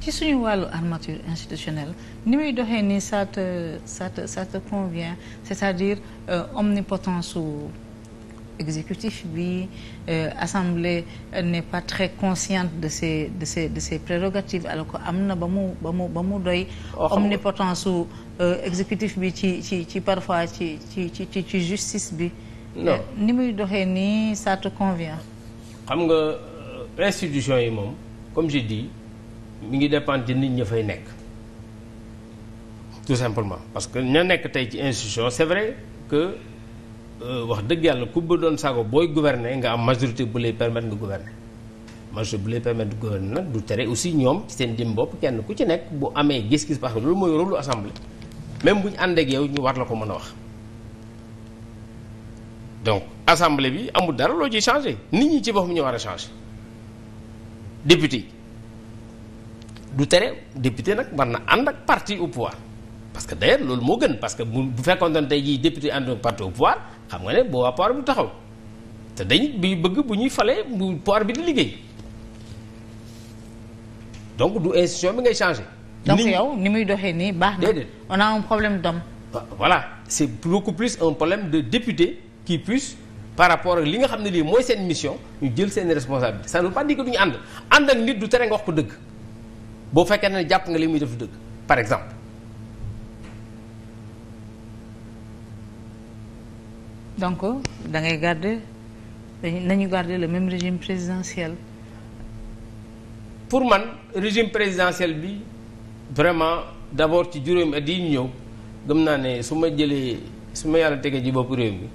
ci suñu wàllu armature institutionnelle ni muy doxee nii ça te ça te ça te convient c'est-à-dire euh, omnipotence su exécutif bi euh, assemblée n'est pas très consciente de ses de ses de ses prérogatives alors ko am na ba mu ba mu ba mu doy oh, oh. omnipotence su euh, exécutif bi ci ci ci parfois ci ci ci ci justice bi euh, ni muy doxee nii ça te convient xam nga euh, institution yi moom comme j'ai dit mi ngi dépendre ci nit ña fay nekk tout simplement parce que ña nekk tey ci institution c'est vrai que euh, wax dëgg yàlla ku ba doon saako booy gouverner nga am majorité bu lay permettre nga gouverner majorité bu lay permettre de gouverner nag du tere aussi ñoom seen jëm bopp kenn ku ci nekk bu amee gis-gis parce que loolu mooy rôle lu assemblée même bu ñu ànd ak yow ñu war la ko mën a wax donc assemblée bi amul dara loo ciy changer nit ñi ci boppam ñu war a changé député du tere député nag war na ànd ak parti au pouvoir parce que d'ailleurs loolu moo gën parce que bu fekkoon ne tey jii député ànd ak parti au pouvoir xam nga ne boobaa pouvoir bi du taxaw te dañu bi bëgg bu ñuy falee bu pouvoir bi di liggéey donc du institution bi ngay changé changer. donc yow ni muy doxee nii baax na. déedéet a un problème d'homme. voilà c'est beaucoup plus un problème de député qui puisse par rapport ak li nga xam ne lii mooy seen mission ñu jël seen responsabilité ça ne veut pas dire que ànd ànd ak nit du tere nga wax ko dëgg. boo fekkee ne jàpp nga li muy def dëgg par exemple donc da ngay garder nañu garder le même régime présidentiel pour man régime présidentiel bi vraiment d'abord ci juróomi at yi ñu ñëw gëm naa ne su ma jëlee su ma yàlla tegee ji bopp réew mi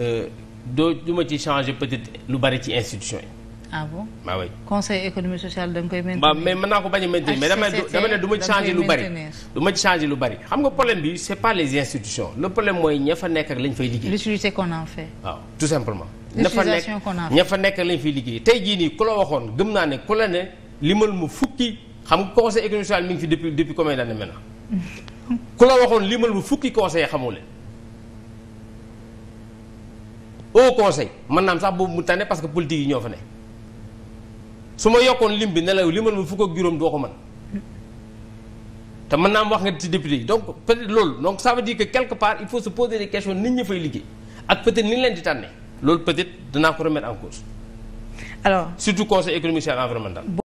euh, doo du ci changer peut-être lu bari ci institution yi ah bon waaw oui. conseil économique social da koy maintenir. mais mën naa ko bañ a maintenir mais dama ne du ma ci changer lu bari. du ma ci changer lu bari xam nga problème bi c'est pas les institutions le problème mooy ña fa nekk ak lañ fay liggéey. tey jii nii ku la waxoon gëm naa ne ku la ne limal mu fukki xam nga conseil économique social mi ngi fi depuis depuis combien d'années maintenant. ku la waxoon limal mu fukki conseil xamoo leen conseil mën naa am sax boobu mu tane parce que politique yi ñoo fa ne su ma yokkoon lim bi nelaw la limal ma fukk ak juróom doo ko mën te mën naa am wax nga ci député yi donc peut-être loolu donc ça veut dire que quelque part il faut se poser des questions nit ñi fay liggéey ak peut-être ni leen di tànnee loolu peut danaa ko remettre en cause alors surtout conseil économique social environnemental